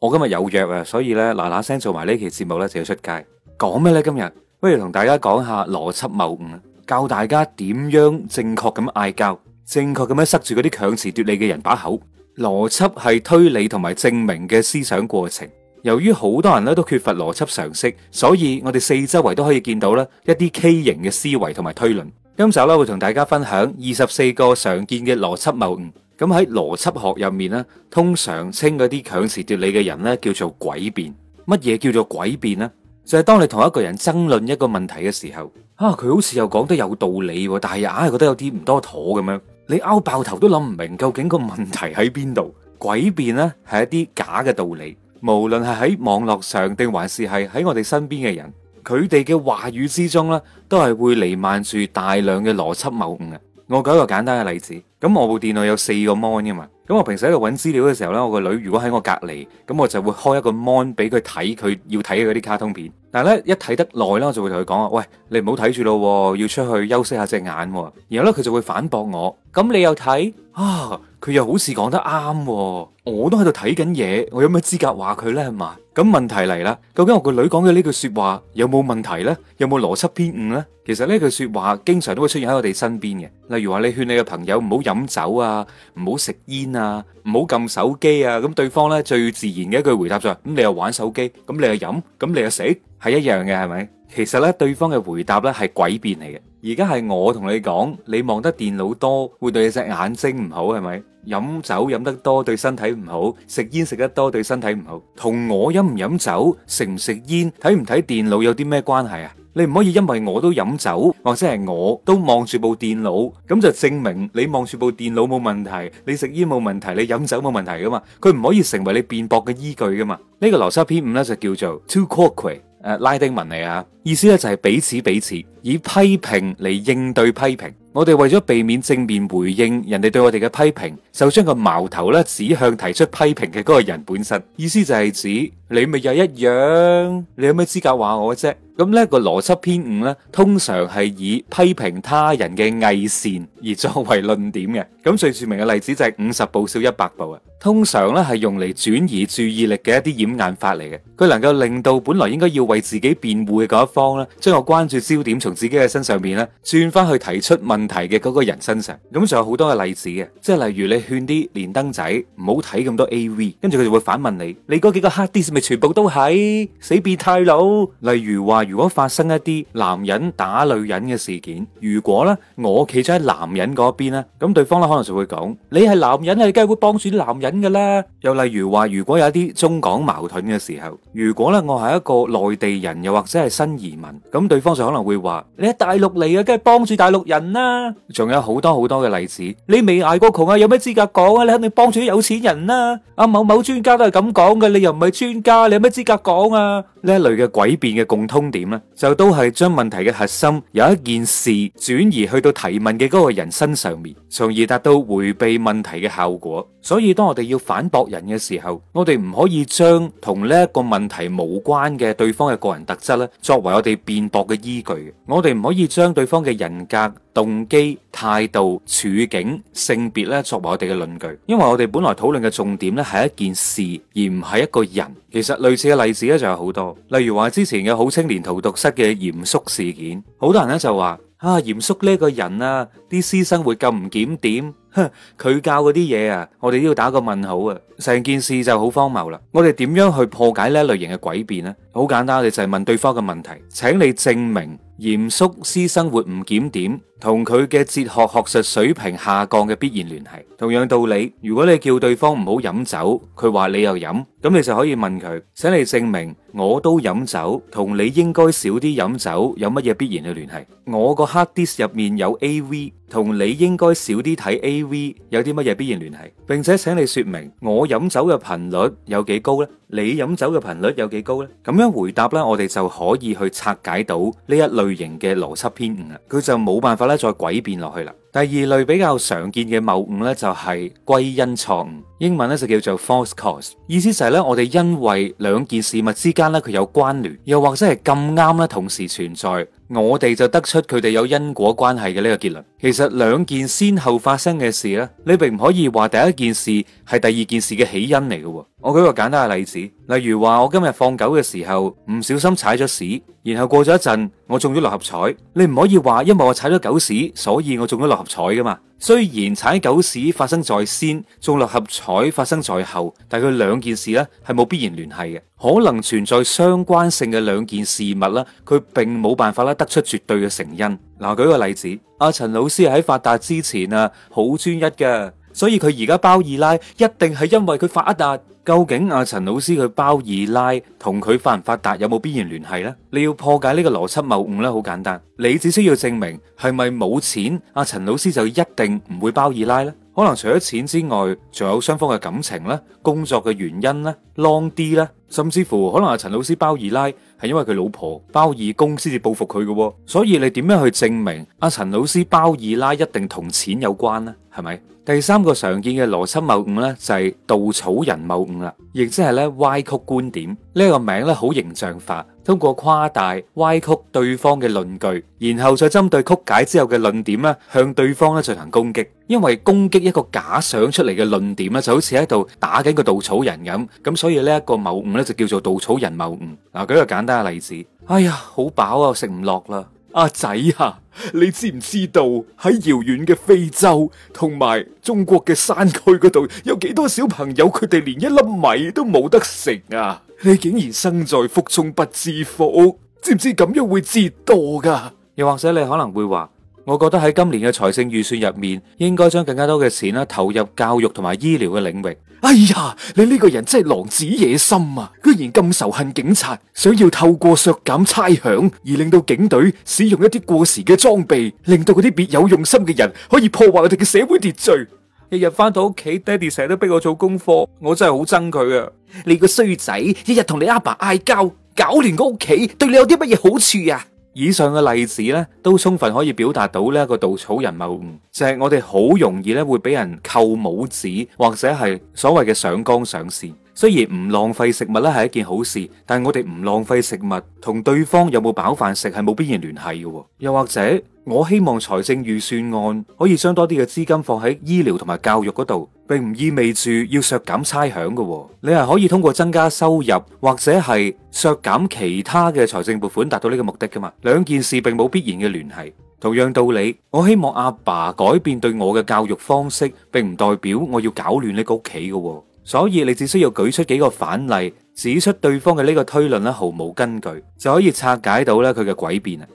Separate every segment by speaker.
Speaker 1: 我今日有約啊，所以咧嗱嗱聲做埋呢期節目咧就要出街講咩呢？今日不如同大家講下邏輯謬誤，教大家點樣正確咁嗌交，正確咁樣塞住嗰啲強詞奪理嘅人把口。邏輯係推理同埋證明嘅思想過程。由於好多人咧都缺乏邏輯常識，所以我哋四周圍都可以見到咧一啲畸形嘅思維同埋推論。今集咧會同大家分享二十四個常見嘅邏輯謬誤。咁喺邏輯學入面呢，通常稱嗰啲強詞奪理嘅人呢，叫做詭辯。乜嘢叫做詭辯呢？就係、是、當你同一個人爭論一個問題嘅時候，啊，佢好似又講得有道理，但係硬係覺得有啲唔多妥咁樣。你拗爆頭都諗唔明，究竟個問題喺邊度？詭辯呢係一啲假嘅道理，無論係喺網絡上定還是係喺我哋身邊嘅人，佢哋嘅話語之中呢，都係會彌漫住大量嘅邏輯謬誤嘅。我舉一個簡單嘅例子。咁我部電腦有四個 mon 噶嘛，咁我平時喺度揾資料嘅時候呢，我個女如果喺我隔籬，咁我就會開一個 mon 俾佢睇佢要睇嘅嗰啲卡通片。但係呢，一睇得耐啦，我就會同佢講啊，喂，你唔好睇住咯，要出去休息下隻眼。然後呢，佢就會反駁我，咁、嗯、你又睇啊，佢又好似講得啱，啊，我都喺度睇緊嘢，我有咩資格話佢呢？係嘛？咁問題嚟啦，究竟我個女講嘅呢句說話有冇問題呢？有冇邏輯偏誤呢？其實呢句說話經常都會出現喺我哋身邊嘅，例如話你勸你嘅朋友唔好。飲酒啊，唔好食煙啊，唔好撳手機啊，咁對方呢，最自然嘅一句回答就係咁，你又玩手機，咁你又飲，咁你又食，係一樣嘅，係咪？其實呢，對方嘅回答呢係詭辯嚟嘅。而家係我同你講，你望得電腦多會對你隻眼睛唔好，係咪？飲酒飲得多對身體唔好，食煙食得多對身體唔好，同我飲唔飲酒，食唔食煙，睇唔睇電腦有啲咩關係啊？你唔可以因為我都飲酒，或者係我都望住部電腦，咁就證明你望住部電腦冇問題，你食煙冇問題，你飲酒冇問題噶嘛？佢唔可以成為你辯駁嘅依據噶嘛？呢、這個邏輯謬誤咧就叫做 tu quoque，誒，拉丁文嚟啊，意思咧就係彼此彼此，以批評嚟應對批評。我哋為咗避免正面回應人哋對我哋嘅批評，就將個矛頭咧指向提出批評嘅嗰個人本身。意思就係指你咪又一樣，你有咩資格話我啫？咁呢一個邏輯偏誤咧，通常係以批評他人嘅偽善而作為論點嘅。咁最著名嘅例子就係五十步笑一百步啊。通常咧係用嚟轉移注意力嘅一啲掩眼法嚟嘅。佢能夠令到本來應該要為自己辯護嘅嗰一方咧，將我關注焦點從自己嘅身上面咧轉翻去提出問題提嘅嗰個人身上，咁就有好多嘅例子嘅，即係例如你勸啲連登仔唔好睇咁多 AV，跟住佢就會反問你：你嗰幾個 hard disc 係咪全部都係死變態佬？」例如話，如果發生一啲男人打女人嘅事件，如果咧我企咗喺男人嗰邊咧，咁對方咧可能就會講：你係男人啊，你梗係會幫住啲男人噶啦。又例如話，如果有啲中港矛盾嘅時候，如果咧我係一個內地人，又或者係新移民，咁對方就可能會話：你喺大陸嚟啊，梗係幫住大陸人啦。仲有好多好多嘅例子，你未捱過窮啊，有咩資格講啊？你肯定幫住啲有錢人啦。阿某某專家都係咁講嘅，你又唔係專家，你有咩資格講啊？呢一類嘅詭辯嘅共通點咧，就都係將問題嘅核心由一件事轉移去到提問嘅嗰個人身上面，從而達到回避問題嘅效果。所以當我哋要反駁人嘅時候，我哋唔可以將同呢一個問題無關嘅對方嘅個人特質咧，作為我哋辯駁嘅依據。我哋唔可以將對方嘅人格動。機態度，處境、性別咧作為我哋嘅論據，因為我哋本來討論嘅重點咧係一件事，而唔係一個人。其實類似嘅例子咧就有好多，例如話之前嘅好青年逃毒室嘅嚴叔事件，好多人咧就話啊嚴叔呢個人啊，啲私生活咁唔檢點。哼，佢教嗰啲嘢啊，我哋都要打個問號啊，成件事就好荒謬啦。我哋點樣去破解呢一類型嘅詭辯呢？好簡單，你就係問對方嘅問題，請你證明嚴肅私生活唔檢點同佢嘅哲學學術水平下降嘅必然聯繫。同樣道理，如果你叫對方唔好飲酒，佢話你又飲，咁你就可以問佢，請你證明我都飲酒同你應該少啲飲酒有乜嘢必然嘅聯繫？我個 hard disk 入面有 AV。同你應該少啲睇 AV 有啲乜嘢必然聯繫，並且請你說明，我飲酒嘅頻率有幾高咧？你飲酒嘅頻率有幾高呢？咁樣回答呢，我哋就可以去拆解到呢一類型嘅邏輯偏誤啦。佢就冇辦法咧再詭辯落去啦。第二類比較常見嘅謬誤呢，就係歸因錯誤，英文呢，就叫做 false cause。意思就係咧，我哋因為兩件事物之間咧佢有關聯，又或者係咁啱咧同時存在，我哋就得出佢哋有因果關係嘅呢個結論。其實兩件先後發生嘅事呢，你並唔可以話第一件事係第二件事嘅起因嚟嘅喎。我舉個簡單嘅例子。例如話，我今日放狗嘅時候唔小心踩咗屎，然後過咗一陣我中咗六合彩。你唔可以話，因為我踩咗狗屎，所以我中咗六合彩㗎嘛。雖然踩狗屎發生在先，中六合彩發生在後，但係佢兩件事呢係冇必然聯繫嘅，可能存在相關性嘅兩件事物啦，佢並冇辦法啦得出絕對嘅成因。嗱，舉個例子，阿陳老師喺發達之前啊，好專一㗎。所以佢而家包二奶一定係因為佢發達？究竟阿、啊、陳老師佢包二奶同佢發唔發達有冇必然聯繫呢？你要破解呢個邏輯謬誤咧，好簡單，你只需要證明係咪冇錢阿、啊、陳老師就一定唔會包二奶咧？可能除咗錢之外，仲有雙方嘅感情啦，工作嘅原因啦，long 啲啦，甚至乎可能阿、啊、陳老師包二奶。係因為佢老婆包二公先至報復佢嘅，哦，所以你點樣去證明阿、啊、陳老師包二奶一定同錢有關呢？係咪？第三個常見嘅邏輯謬誤咧就係、是、稻草人謬誤啦，亦即係咧歪曲觀點。呢一個名咧好形象化，通過誇大、歪曲對方嘅論據，然後再針對曲解之後嘅論點咧，向對方咧進行攻擊。因為攻擊一個假想出嚟嘅論點咧，就好似喺度打緊個稻草人咁。咁所以呢一個謬誤咧就叫做稻草人謬誤。嗱，舉個簡單嘅例子，哎呀，好飽啊，我食唔落啦。阿、啊、仔啊，你知唔知道喺遙遠嘅非洲同埋中國嘅山區嗰度，有幾多小朋友佢哋連一粒米都冇得食啊？你竟然身在福中不知福，知唔知咁樣會折墮噶？又或者你可能會話，我覺得喺今年嘅財政預算入面，應該將更加多嘅錢啦投入教育同埋醫療嘅領域。哎呀，你呢個人真係狼子野心啊！居然咁仇恨警察，想要透過削減差餉而令到警隊使用一啲過時嘅裝備，令到嗰啲別有用心嘅人可以破壞我哋嘅社會秩序。日日返到屋企，爹哋成日都逼我做功課，我真係好憎佢啊！你個衰仔，日日同你阿爸嗌交，搞亂個屋企，對你有啲乜嘢好處啊？以上嘅例子咧，都充分可以表達到呢個稻草人謬誤，就係我哋好容易咧會俾人扣帽子，或者係所謂嘅上綱上線。雖然唔浪費食物咧係一件好事，但係我哋唔浪費食物同對方有冇飽飯食係冇必然聯繫嘅，又或者，我希望財政預算案可以將多啲嘅資金放喺醫療同埋教育嗰度，並唔意味住要削減差餉嘅、喎。你係可以通過增加收入或者係削減其他嘅財政撥款達到呢個目的噶嘛？兩件事並冇必然嘅聯繫。同樣道理，我希望阿爸改變對我嘅教育方式，並唔代表我要搞亂呢個屋企嘅。所以你只需要舉出幾個反例，指出對方嘅呢個推論咧毫無根據，就可以拆解到咧佢嘅詭辯啊！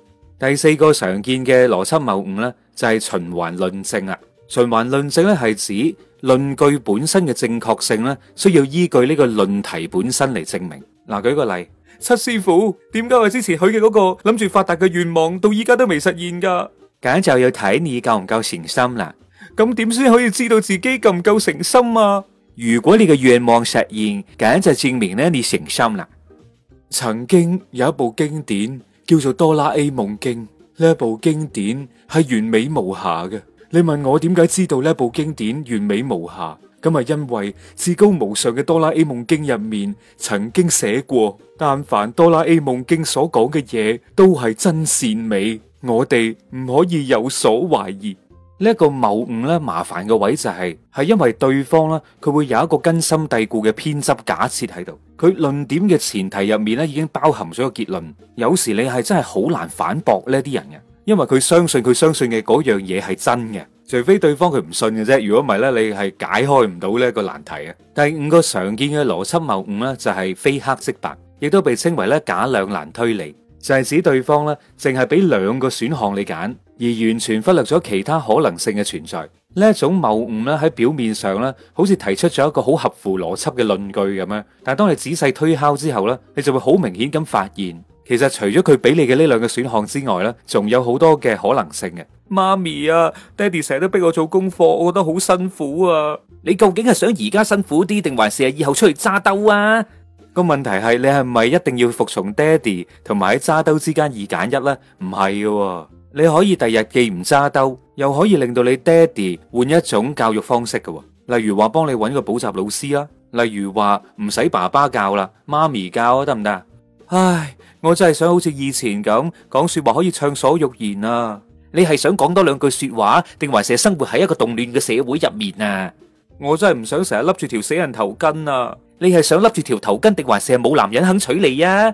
Speaker 1: 第四個常見嘅邏輯謬誤咧，就係循環論證啊！循環論證咧係指論據本身嘅正確性咧，需要依據呢個論題本身嚟證明。嗱，舉個例，七師傅，點解我之前許嘅嗰個諗住發達嘅願望，到依家都未實現噶？咁就要睇你夠唔夠誠心啦。咁點先可以知道自己夠唔夠誠心啊？如果你嘅願望實現，咁就證明咧你誠心啦。曾經有一部經典。叫做《哆啦 A 夢經》，呢部經典係完美無瑕嘅。你問我點解知道呢部經典完美無瑕？咁係因為至高無上嘅《哆啦 A 夢經》入面曾經寫過，但凡《哆啦 A 夢經》所講嘅嘢都係真善美，我哋唔可以有所懷疑。呢一個謬誤咧，麻煩嘅位就係係因為對方咧，佢會有一個根深蒂固嘅偏執假設喺度，佢論點嘅前提入面呢，已經包含咗個結論，有時你係真係好難反駁呢啲人嘅，因為佢相信佢相信嘅嗰樣嘢係真嘅，除非對方佢唔信嘅啫，如果唔係呢，你係解開唔到呢一個難題。第五個常見嘅邏輯謬誤呢，就係非黑即白，亦都被稱為咧，假兩難推理。就係指對方咧，淨係俾兩個選項你揀，而完全忽略咗其他可能性嘅存在。呢一種謬誤咧，喺表面上咧，好似提出咗一個好合乎邏輯嘅論據咁樣。但係當你仔細推敲之後咧，你就會好明顯咁發現，其實除咗佢俾你嘅呢兩個選項之外咧，仲有好多嘅可能性嘅。媽咪啊，爹哋成日都逼我做功課，我覺得好辛苦啊！你究竟係想而家辛苦啲，定還是係以後出嚟揸兜啊？個問題係，你係咪一定要服從爹哋同埋喺揸兜之間二揀一呢？唔係嘅，你可以第日既唔揸兜，又可以令到你爹哋換一種教育方式嘅喎。例如話幫你揾個補習老師啦啊，例如話唔使爸爸教啦，媽咪教啊得唔得？唉，我真係想好似以前咁講說話，可以暢所欲言啊！你係想講多兩句說話，定還是生活喺一個動亂嘅社會入面啊？我真係唔想成日笠住條死人頭巾啊！你係想笠住條頭巾，定還是係冇男人肯娶你啊？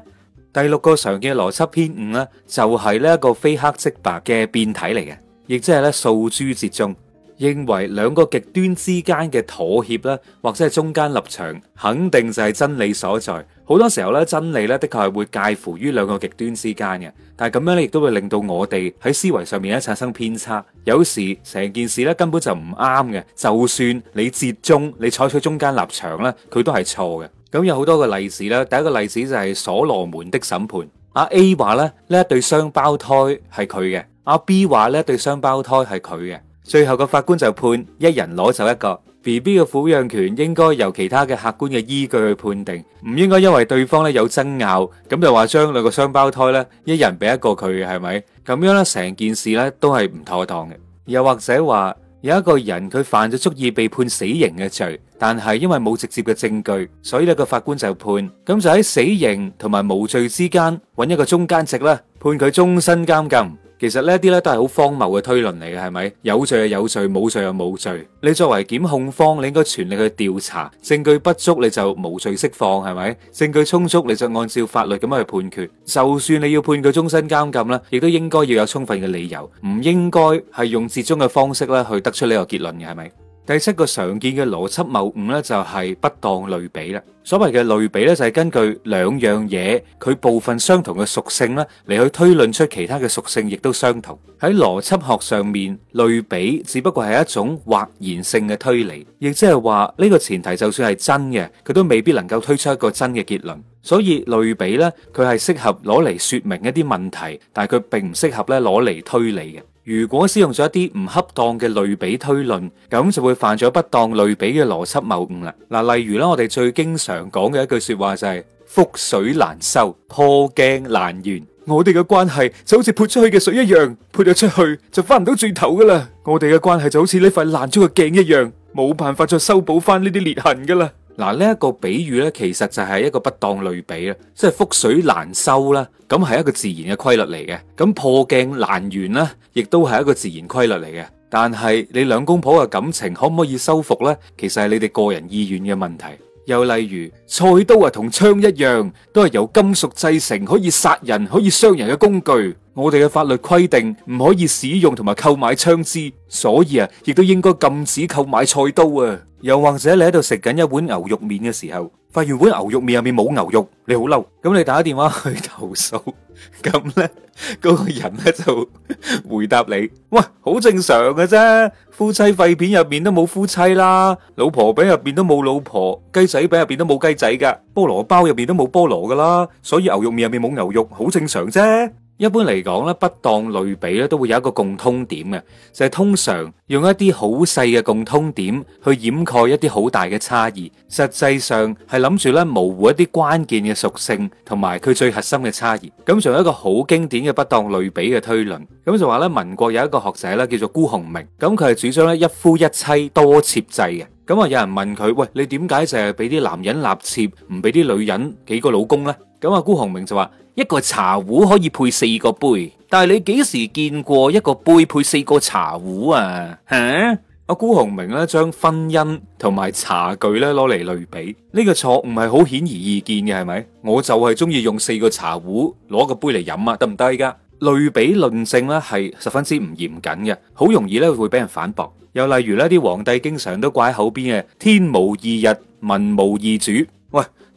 Speaker 1: 第六個常見邏輯偏誤咧，就係呢一個非黑即白嘅變體嚟嘅，亦即係咧訴諸折中。認為兩個極端之間嘅妥協咧，或者係中間立場，肯定就係真理所在。好多時候咧，真理咧的確係會介乎於兩個極端之間嘅。但係咁樣咧，亦都會令到我哋喺思維上面咧產生偏差。有時成件事咧根本就唔啱嘅。就算你折中，你採取中間立場咧，佢都係錯嘅。咁有好多個例子啦。第一個例子就係所羅門的審判。阿 A 話咧，呢一對雙胞胎係佢嘅，阿 B 話呢一對雙胞胎係佢嘅。最後個法官就判一人攞走一個 BB 嘅撫養權，應該由其他嘅客觀嘅依據去判定，唔應該因為對方咧有爭拗，咁就話將兩個雙胞胎咧一人俾一個佢，係咪？咁樣咧成件事咧都係唔妥當嘅。又或者話有一個人佢犯咗足以被判死刑嘅罪，但係因為冇直接嘅證據，所以咧個法官就判，咁就喺死刑同埋無罪之間揾一個中間值咧，判佢終身監禁。其實呢啲咧都係好荒謬嘅推論嚟嘅，係咪？有罪就有罪，冇罪就冇罪。你作為檢控方，你應該全力去調查，證據不足你就無罪釋放，係咪？證據充足你就按照法律咁樣去判決。就算你要判佢終身監禁啦，亦都應該要有充分嘅理由，唔應該係用折中嘅方式咧去得出呢個結論嘅，係咪？第七個常見嘅邏輯謬誤咧，就係不當類比啦。所謂嘅類比咧，就係根據兩樣嘢佢部分相同嘅屬性咧，嚟去推論出其他嘅屬性亦都相同。喺邏輯學上面，類比只不過係一種或然性嘅推理，亦即係話呢個前提就算係真嘅，佢都未必能夠推出一個真嘅結論。所以類比咧，佢係適合攞嚟説明一啲問題，但係佢並唔適合咧攞嚟推理嘅。如果使用咗一啲唔恰當嘅類比推論，咁就會犯咗不當類比嘅邏輯謬誤啦。嗱，例如啦，我哋最經常講嘅一句說話就係“覆水難收，破鏡難圓”。我哋嘅關係就好似潑出去嘅水一樣，潑咗出去就翻唔到轉頭噶啦。我哋嘅關係就好似呢塊爛咗嘅鏡一樣，冇辦法再修補翻呢啲裂痕噶啦。嗱，呢一個比喻呢，其實就係一個不當類比啦，即係覆水難收啦，咁係一個自然嘅規律嚟嘅。咁破鏡難圓啦，亦都係一個自然規律嚟嘅。但係你兩公婆嘅感情可唔可以修復呢？其實係你哋個人意願嘅問題。又例如菜刀啊，同槍一樣，都係由金屬製成，可以殺人、可以傷人嘅工具。我哋嘅法律規定唔可以使用同埋購買槍支，所以啊，亦都應該禁止購買菜刀啊。又或者你喺度食緊一碗牛肉麵嘅時候。發現碗牛肉麵入面冇牛肉，你好嬲，咁你打電話去投訴，咁咧嗰個人咧就回答你，喂，好正常嘅啫，夫妻肺片入面都冇夫妻啦，老婆餅入面都冇老婆，雞仔餅入面都冇雞仔噶，菠蘿包入面都冇菠蘿噶啦，所以牛肉麵入面冇牛肉，好正常啫。一般嚟講咧，不當類比咧都會有一個共通點嘅，就係通常用一啲好細嘅共通點去掩蓋一啲好大嘅差異，實際上係諗住咧模糊一啲關鍵嘅屬性同埋佢最核心嘅差異。咁仲有一個好經典嘅不當類比嘅推論，咁就話咧，民國有一個學者咧叫做辜鴻明，咁佢係主張咧一夫一妻多妾制嘅。咁啊，有人問佢，喂，你點解淨係俾啲男人納妾，唔俾啲女人幾個老公呢？咁啊，辜鴻明就話。一個茶壺可以配四個杯，但係你幾時見過一個杯配四個茶壺啊？吓、啊，阿辜鴻明咧將婚姻同埋茶具咧攞嚟類比，呢、呢個錯誤係好顯而易見嘅，係咪？我就係中意用四個茶壺攞個杯嚟飲啊，得唔得噶？類比論證咧係十分之唔嚴謹嘅，好容易咧會俾人反駁。又例如呢啲皇帝經常都掛喺口邊嘅，天無二日，民無二主。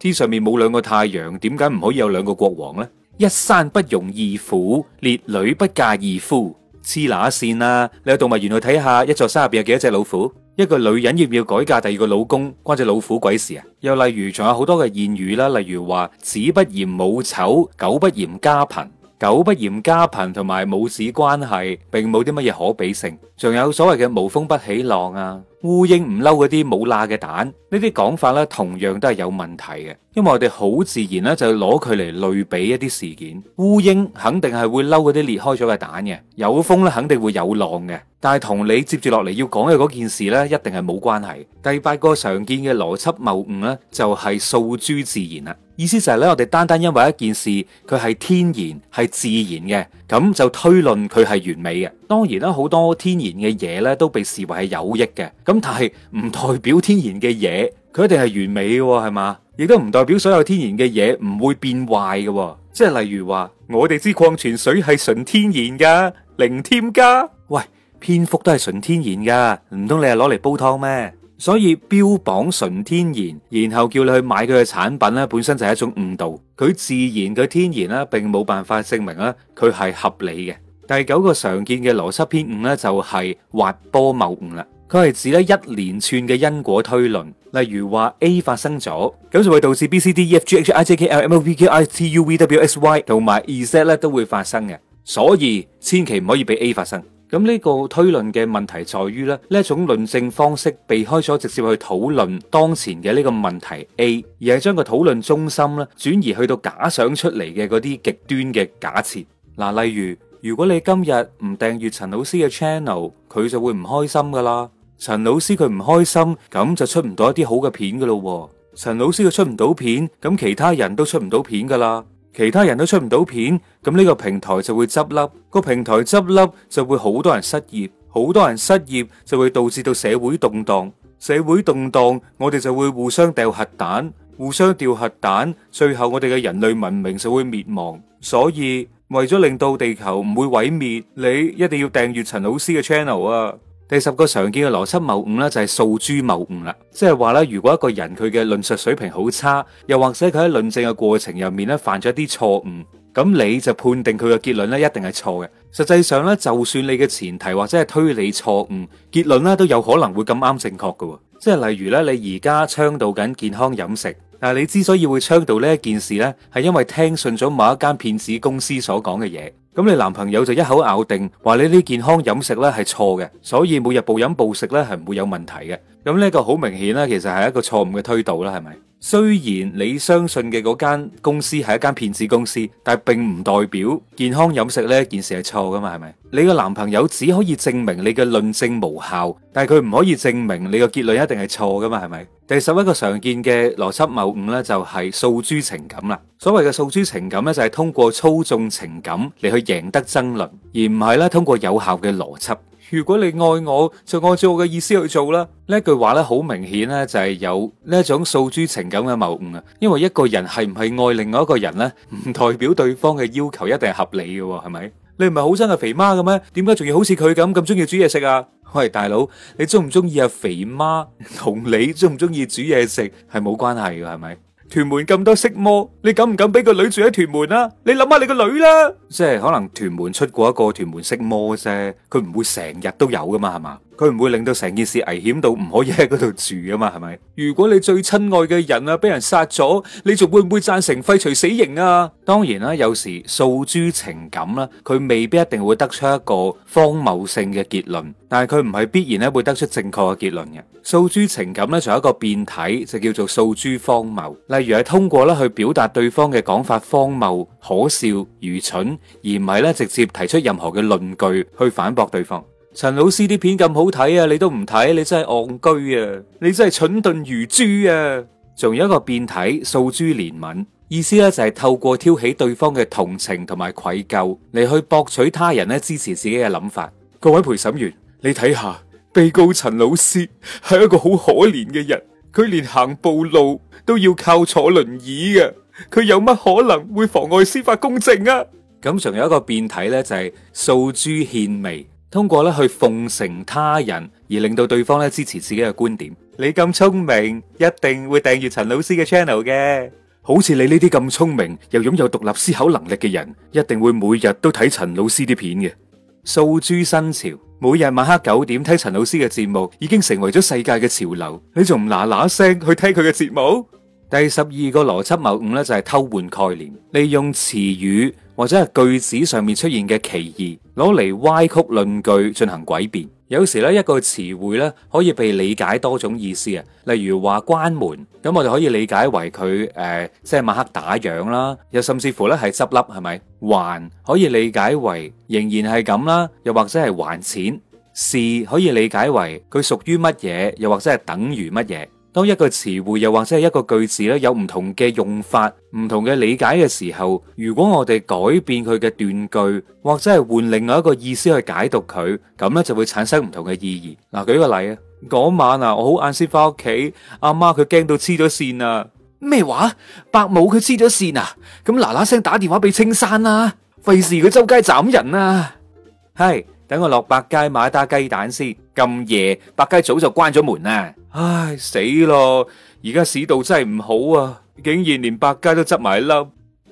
Speaker 1: 天上面冇兩個太陽，點解唔可以有兩個國王呢？一山不容二虎，烈女不嫁二夫，黐乸線啊！你去動物園去睇下，一座山入邊有幾多隻老虎？一個女人要唔要改嫁第二個老公，關隻老虎鬼事啊？又例如仲有好多嘅諺語啦，例如話子不嫌母醜，狗不嫌家貧，狗不嫌家貧同埋母子關係，並冇啲乜嘢可比性。仲有所謂嘅無風不起浪啊！烏蠅唔嬲嗰啲冇罅嘅蛋，呢啲講法咧，同樣都係有問題嘅。因為我哋好自然咧，就攞佢嚟類比一啲事件，烏蠅肯定係會嬲嗰啲裂開咗嘅蛋嘅，有風咧肯定會有浪嘅，但係同你接住落嚟要講嘅嗰件事呢，一定係冇關係。第八個常見嘅邏輯謬誤呢，就係、是、訴諸自然啦，意思就係咧，我哋單單因為一件事佢係天然係自然嘅，咁就推論佢係完美嘅。當然啦，好多天然嘅嘢呢，都被視為係有益嘅，咁但係唔代表天然嘅嘢。佢一定係完美嘅係嘛，亦都唔代表所有天然嘅嘢唔會變壞嘅、哦，即係例如話我哋知礦泉水係純天然噶，零添加。喂，蝙蝠都係純天然噶，唔通你係攞嚟煲湯咩？所以標榜純天然，然後叫你去買佢嘅產品咧，本身就係一種誤導。佢自然佢天然啦，並冇辦法證明啦，佢係合理嘅。第九個常見嘅邏輯偏誤咧，就係滑坡謬誤啦。佢係指咧一連串嘅因果推論，例如話 A 發生咗，咁就會導致 B、C、D、E、F、G、H、I、J、K、L、M、O、P Q、i T、U、V、W、X Y 同埋 e z 咧都會發生嘅。所以千祈唔可以俾 A 發生。咁呢個推論嘅問題在於咧，呢一種論證方式避開咗直接去討論當前嘅呢個問題 A，而係將個討論中心咧轉移去到假想出嚟嘅嗰啲極端嘅假設。嗱，例如如果你今日唔訂閲陳老師嘅 channel，佢就會唔開心噶啦。陳老師佢唔開心，咁就出唔到一啲好嘅片噶咯。陳老師佢出唔到片，咁其他人都出唔到片噶啦。其他人都出唔到片，咁呢個平台就會執笠。個平台執笠就會好多人失業，好多人失業就會導致到社會動盪。社會動盪，我哋就會互相掉核彈，互相掉核彈，最後我哋嘅人類文明就會滅亡。所以為咗令到地球唔會毀滅，你一定要訂閱陳老師嘅 channel 啊！第十個常見嘅邏輯謬誤咧就係訴諸謬誤啦，即係話咧，如果一個人佢嘅論述水平好差，又或者佢喺論證嘅過程入面咧犯咗一啲錯誤，咁你就判定佢嘅結論咧一定係錯嘅。實際上咧，就算你嘅前提或者係推理錯誤，結論咧都有可能會咁啱正確㗎。即係例如咧，你而家倡導緊健康飲食，但係你之所以會倡導呢一件事咧，係因為聽信咗某一間騙子公司所講嘅嘢。咁你男朋友就一口咬定話你啲健康飲食咧係錯嘅，所以每日暴飲暴食咧係唔會有問題嘅。咁呢一個好明顯啦，其實係一個錯誤嘅推導啦，係咪？雖然你相信嘅嗰間公司係一間騙子公司，但係並唔代表健康飲食呢件事係錯噶嘛，係咪？你個男朋友只可以證明你嘅論證無效，但係佢唔可以證明你個結論一定係錯噶嘛，係咪？第十一個常見嘅邏輯謬誤呢，就係訴諸情感啦。所謂嘅訴諸情感呢，就係通過操縱情感嚟去贏得爭論，而唔係咧通過有效嘅邏輯。如果你愛我，就按照我嘅意思去做啦。呢句話咧，好明顯呢，就係有呢一種訴諸情感嘅謬誤啊。因為一個人係唔係愛另外一個人呢，唔代表對方嘅要求一定係合理嘅喎，係咪？你唔係好憎阿肥媽嘅咩？點解仲要好似佢咁咁中意煮嘢食啊？喂，大佬，你中唔中意阿肥媽？同你中唔中意煮嘢食係冇關係嘅，係咪？屯門咁多色魔，你敢唔敢俾個女住喺屯門啊？你諗下你個女啦，即係可能屯門出過一個屯門色魔啫，佢唔會成日都有噶嘛，係嘛？佢唔會令到成件事危險到唔可以喺嗰度住啊嘛，係咪？如果你最親愛嘅人啊，俾人殺咗，你仲會唔會贊成廢除死刑啊？當然啦，有時訴諸情感啦，佢未必一定會得出一個荒謬性嘅結論，但係佢唔係必然咧會得出正確嘅結論嘅。訴諸情感咧，仲有一個變體，就叫做訴諸荒謬。例如係通過咧去表達對方嘅講法荒謬、可笑、愚蠢，而唔係咧直接提出任何嘅論據去反駁對方。陳老師啲片咁好睇啊，你都唔睇，你真係戇居啊！你真係蠢鈍如豬啊！仲有一個變體，訴諸憐憫，意思咧就係透過挑起對方嘅同情同埋愧疚嚟去博取他人咧支持自己嘅諗法。各位陪審員，你睇下，被告陳老師係一個好可憐嘅人，佢連行步路都要靠坐輪椅嘅，佢有乜可能會妨礙司法公正啊？咁仲有一個變體咧，就係訴諸獻媚。通過咧去奉承他人，而令到對方咧支持自己嘅觀點。你咁聰明，一定會訂閱陳老師嘅 channel 嘅。好似你呢啲咁聰明又擁有獨立思考能力嘅人，一定會每日都睇陳老師啲片嘅。訴諸新潮，每日晚黑九點聽陳老師嘅節目，已經成為咗世界嘅潮流。你仲唔嗱嗱聲去聽佢嘅節目？第十二個邏輯謬誤咧就係偷換概念，利用詞語或者係句子上面出現嘅歧義，攞嚟歪曲論據進行詭辯。有時咧一個詞彙咧可以被理解多種意思啊，例如話關門，咁我就可以理解為佢誒即係晚黑打烊啦，又甚至乎咧係執笠，係咪？還可以理解為仍然係咁啦，又或者係還錢。是可以理解為佢屬於乜嘢，又或者係等於乜嘢。當一個詞彙又或者係一個句子咧，有唔同嘅用法，唔同嘅理解嘅時候，如果我哋改變佢嘅斷句，或者係換另外一個意思去解讀佢，咁咧就會產生唔同嘅意義。嗱，舉個例啊，嗰晚啊，我好晏先翻屋企，阿媽佢驚到黐咗線啊！咩話？伯母佢黐咗線啊？咁嗱嗱聲打電話俾青山啦，費事佢周街斬人啊！係，等我落百佳買一打雞蛋先。咁夜百佳早就關咗門啦！唉，死咯！而家市道真係唔好啊，竟然連百佳都執埋一粒。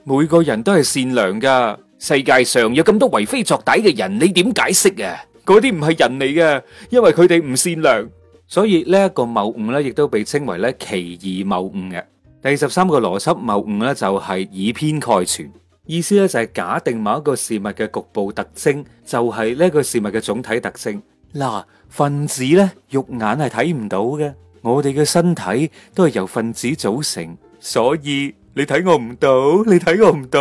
Speaker 1: 每個人都係善良噶，世界上有咁多為非作歹嘅人，你點解釋啊？嗰啲唔係人嚟噶，因為佢哋唔善良。所以呢一個謬誤咧，亦都被稱為咧奇異謬誤嘅。第十三個邏輯謬誤咧，就係以偏概全，意思咧就係假定某一個事物嘅局部特徵就係呢個事物嘅總體特徵。嗱。分子咧，肉眼係睇唔到嘅。我哋嘅身體都係由分子組成，所以你睇我唔到，你睇我唔到。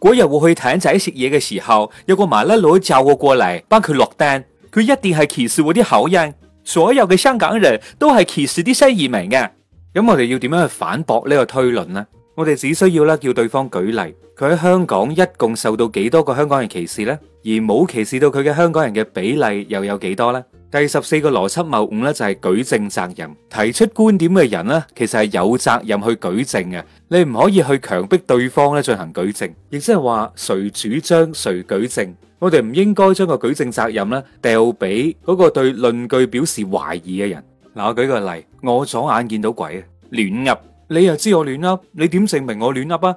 Speaker 1: 嗰日我去艇仔食嘢嘅時候，有個麻甩佬罩我過嚟，幫佢落單。佢一定係歧視我啲口音。所有嘅香港人都係歧視啲新移民嘅。咁我哋要點樣去反駁呢個推論呢？我哋只需要咧叫對方舉例，佢喺香港一共受到幾多個香港人歧視咧？而冇歧視到佢嘅香港人嘅比例又有幾多咧？第十四個邏輯謬誤咧就係舉證責任，提出觀點嘅人咧，其實係有責任去舉證嘅，你唔可以去強迫對方咧進行舉證，亦即係話誰主張誰舉證。我哋唔應該將個舉證責任咧掉俾嗰個對論據表示懷疑嘅人。嗱，我舉個例，我左眼見到鬼啊，亂噏。你又知我亂噏，你點證明我亂噏啊？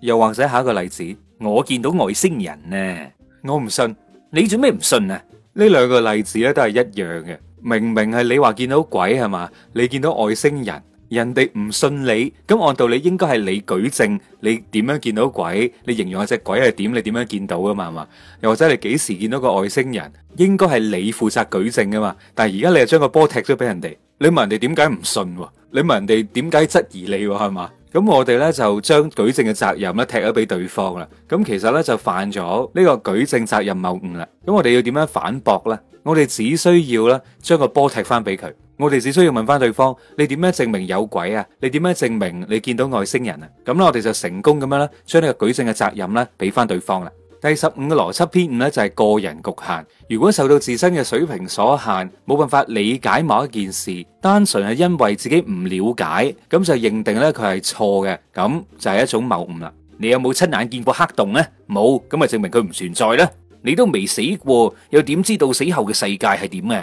Speaker 1: 又或者下一個例子，我見到外星人呢、啊？我唔信，你做咩唔信啊？呢兩個例子咧都係一樣嘅，明明係你話見到鬼係嘛？你見到外星人。人哋唔信你，咁按道理應該係你舉證，你點樣見到鬼？你形容一隻鬼係點？你點樣見到噶嘛？係嘛？又或者你幾時見到個外星人？應該係你負責舉證噶嘛？但係而家你又將個波踢咗俾人哋，你問人哋點解唔信？你問人哋點解質疑你？係嘛？咁我哋咧就將舉證嘅責任咧踢咗俾對方啦。咁其實咧就犯咗呢個舉證責任謬誤啦。咁我哋要點樣反駁咧？我哋只需要咧將個波踢翻俾佢。我哋只需要問翻對方，你點樣證明有鬼啊？你點樣證明你見到外星人啊？咁咧，我哋就成功咁樣咧，將呢個舉證嘅責任咧，俾翻對方啦。第十五個邏輯謬誤咧就係個人局限。如果受到自身嘅水平所限，冇辦法理解某一件事，單純係因為自己唔了解，咁就認定咧佢係錯嘅，咁就係一種謬誤啦。你有冇親眼見過黑洞咧？冇，咁咪證明佢唔存在咧？你都未死過，又點知道死後嘅世界係點嘅？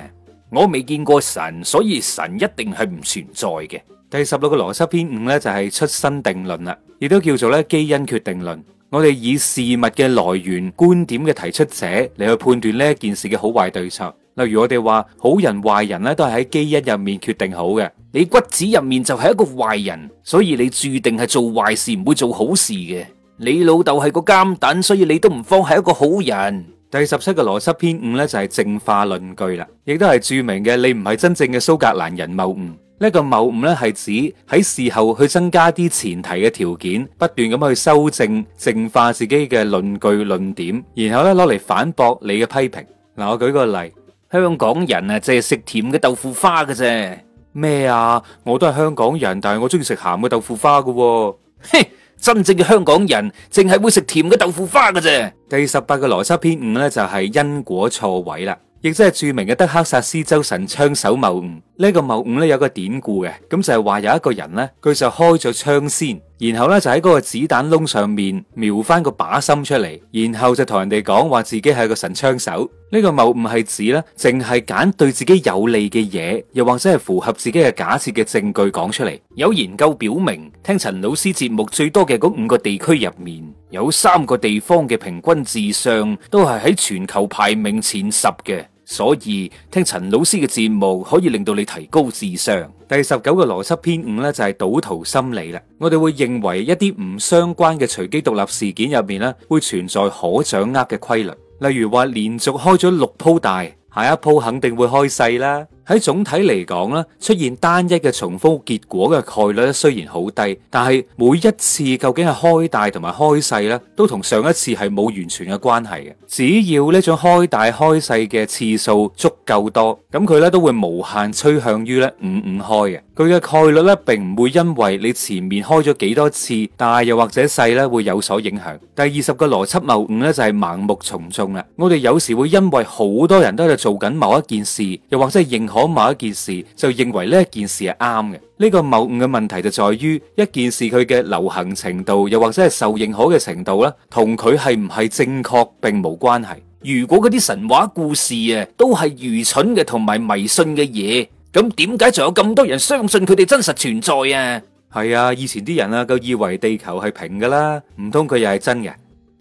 Speaker 1: 我未見過神，所以神一定係唔存在嘅。第十六個邏輯謬誤呢，就係出身定論啦，亦都叫做呢基因決定論。我哋以事物嘅來源、觀點嘅提出者嚟去判斷呢件事嘅好壞對策。例如我哋話好人壞人呢，都係喺基因入面決定好嘅。你骨子入面就係一個壞人，所以你注定係做壞事唔會做好事嘅。你老豆係個監躉，所以你都唔慌係一個好人。第十七個邏輯謬誤咧，就係淨化論據啦，亦都係著名嘅你唔係真正嘅蘇格蘭人謬誤。呢一個謬誤咧，係指喺事後去增加啲前提嘅條件，不斷咁去修正淨化自己嘅論據論點，然後咧攞嚟反駁你嘅批評。嗱，我舉個例，香港人啊，淨係食甜嘅豆腐花嘅啫，咩啊？我都係香港人，但係我中意食鹹嘅豆腐花嘅喎。嘿！ 真正嘅香港人淨係會食甜嘅豆腐花嘅啫。第十八個邏輯謬誤咧就係、是、因果錯位啦，亦即係著名嘅德克薩斯州神槍手謬誤。這個、某呢個謬誤咧有個典故嘅，咁就係話有一個人咧，佢就開咗槍先。然後咧就喺嗰個子彈窿上面瞄翻個靶心出嚟，然後就同人哋講話自己係個神槍手。呢個謬誤係指咧，淨係揀對自己有利嘅嘢，又或者係符合自己嘅假設嘅證據講出嚟。有研究表明，聽陳老師節目最多嘅嗰五個地區入面，有三個地方嘅平均智商都係喺全球排名前十嘅。所以聽陳老師嘅節目可以令到你提高智商。第十九個邏輯謬誤咧就係賭徒心理啦，我哋會認為一啲唔相關嘅隨機獨立事件入面咧，會存在可掌握嘅規律，例如話連續開咗六鋪大，下一鋪肯定會開細啦。喺總體嚟講咧，出現單一嘅重複結果嘅概率咧雖然好低，但係每一次究竟係開大同埋開細咧，都同上一次係冇完全嘅關係嘅。只要呢種開大開細嘅次數足夠多，咁佢咧都會無限趨向於咧五五開嘅。佢嘅概率咧並唔會因為你前面開咗幾多次大又或者細咧會有所影響。第二十個邏輯謬誤咧就係盲目從眾啦。我哋有時會因為好多人都喺度做緊某一件事，又或者係認可某一件事就認為呢一件事係啱嘅，呢個謬誤嘅問題就在於一件事佢嘅流行程度，又或者係受認可嘅程度啦，同佢係唔係正確並冇關係。如果嗰啲神話故事啊都係愚蠢嘅同埋迷信嘅嘢，咁點解仲有咁多人相信佢哋真實存在啊？係啊，以前啲人啊，都以為地球係平噶啦，唔通佢又係真嘅？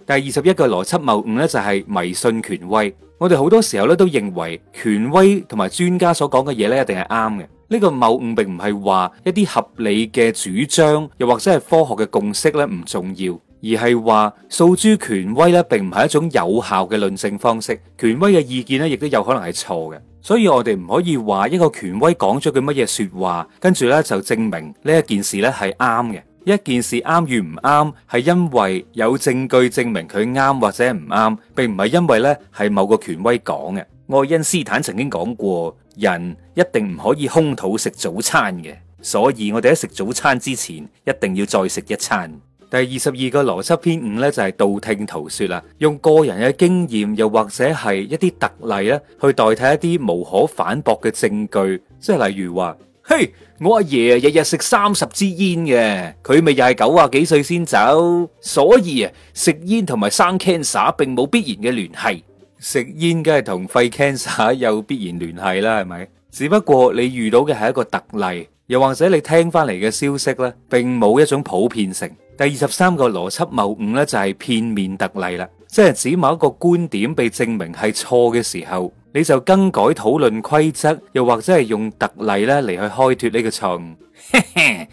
Speaker 1: 第二十一個邏輯謬誤呢，就係迷信權威，我哋好多時候咧都認為權威同埋專家所講嘅嘢咧一定係啱嘅。呢個謬誤並唔係話一啲合理嘅主張，又或者係科學嘅共識咧唔重要，而係話訴諸權威咧並唔係一種有效嘅論證方式。權威嘅意見咧亦都有可能係錯嘅，所以我哋唔可以話一個權威講咗句乜嘢說話，跟住呢就證明呢一件事咧係啱嘅。一件事啱與唔啱，係因為有證據證明佢啱或者唔啱，並唔係因為呢，係某個權威講嘅。愛因斯坦曾經講過，人一定唔可以空肚食早餐嘅，所以我哋喺食早餐之前，一定要再食一餐。第二十二個邏輯謬誤呢，就係道聽途說啦，用個人嘅經驗又或者係一啲特例咧去代替一啲無可反駁嘅證據，即係例如話。嘿，hey, 我阿爺日日食三十支煙嘅，佢咪又係九啊幾歲先走，所以啊，食煙同埋生 cancer 並冇必然嘅聯繫，食煙梗係同肺 cancer 有必然聯繫啦，係咪？只不過你遇到嘅係一個特例，又或者你聽翻嚟嘅消息咧，並冇一種普遍性。第二十三個邏輯謬誤咧，就係片面特例啦。即係指某一個觀點被證明係錯嘅時候，你就更改討論規則，又或者係用特例咧嚟去開脫呢個錯誤。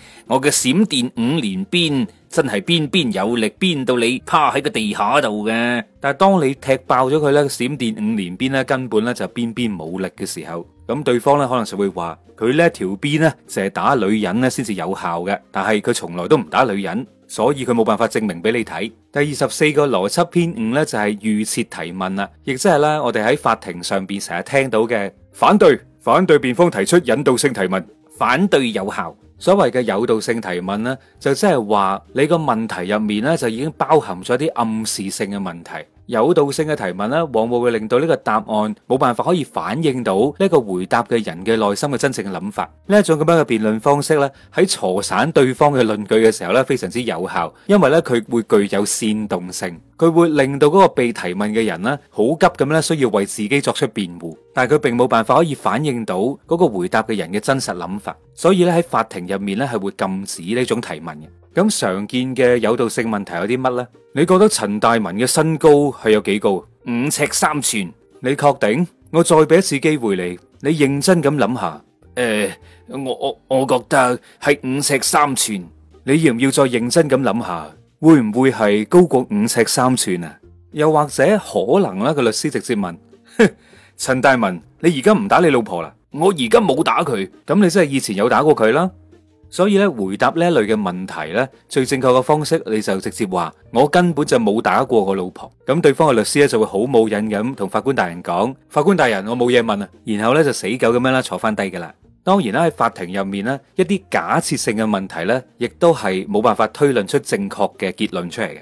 Speaker 1: 我嘅閃電五連鞭真係鞭鞭有力，鞭到你趴喺個地下度嘅。但係當你踢爆咗佢咧，閃電五連鞭咧根本咧就鞭鞭冇力嘅時候，咁對方咧可能就會話佢呢一條鞭咧就係打女人咧先至有效嘅，但係佢從來都唔打女人。所以佢冇辦法證明俾你睇。第二十四個邏輯謬誤呢，就係預設提問啦，亦即係呢，我哋喺法庭上邊成日聽到嘅反對，反對辯方提出引導性提問，反對有效。所謂嘅有道性提問呢，就即係話你個問題入面呢，就已經包含咗啲暗示性嘅問題。誘導性嘅提問咧，往往會令到呢個答案冇辦法可以反映到呢一個回答嘅人嘅內心嘅真正嘅諗法。呢一種咁樣嘅辯論方式咧，喺挫散對方嘅論據嘅時候咧，非常之有效，因為咧佢會具有煽動性，佢會令到嗰個被提問嘅人咧好急咁咧需要為自己作出辯護，但係佢並冇辦法可以反映到嗰個回答嘅人嘅真實諗法，所以咧喺法庭入面咧係會禁止呢種提問嘅。咁常見嘅誘導性問題有啲乜呢？你覺得陳大文嘅身高係有幾高？五尺三寸，你確定？我再俾一次機會你，你認真咁諗下。誒、呃，我我我覺得係五尺三寸。你要唔要再認真咁諗下？會唔會係高過五尺三寸啊？又或者可能啦？個律師直接問 陳大文：你而家唔打你老婆啦？我而家冇打佢，咁你真係以前有打過佢啦？所以咧，回答呢一類嘅問題咧，最正確嘅方式，你就直接話我根本就冇打過我老婆。咁對方嘅律師咧就會好冇癮咁同法官大人講：法官大人，我冇嘢問啊。然後咧就死狗咁樣啦坐翻低噶啦。當然啦，喺法庭入面咧，一啲假設性嘅問題咧，亦都係冇辦法推論出正確嘅結論出嚟嘅。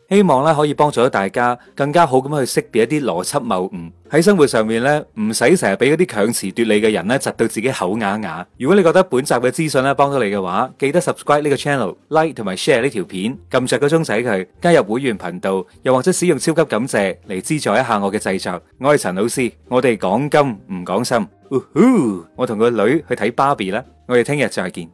Speaker 1: 希望咧，可以幫助到大家更加好咁樣去識別一啲邏輯謬誤喺生活上面咧，唔使成日俾嗰啲強詞奪理嘅人咧，窒到自己口啞啞。如果你覺得本集嘅資訊咧幫到你嘅話，記得 subscribe 呢個 channel、like 同埋 share 呢條片、撳着個鐘仔佢加入會員頻道，又或者使用超級感謝嚟資助一下我嘅製作。我係陳老師，我哋講金唔講心。Uh-huh, 我同個女去睇芭比啦，我哋聽日再見。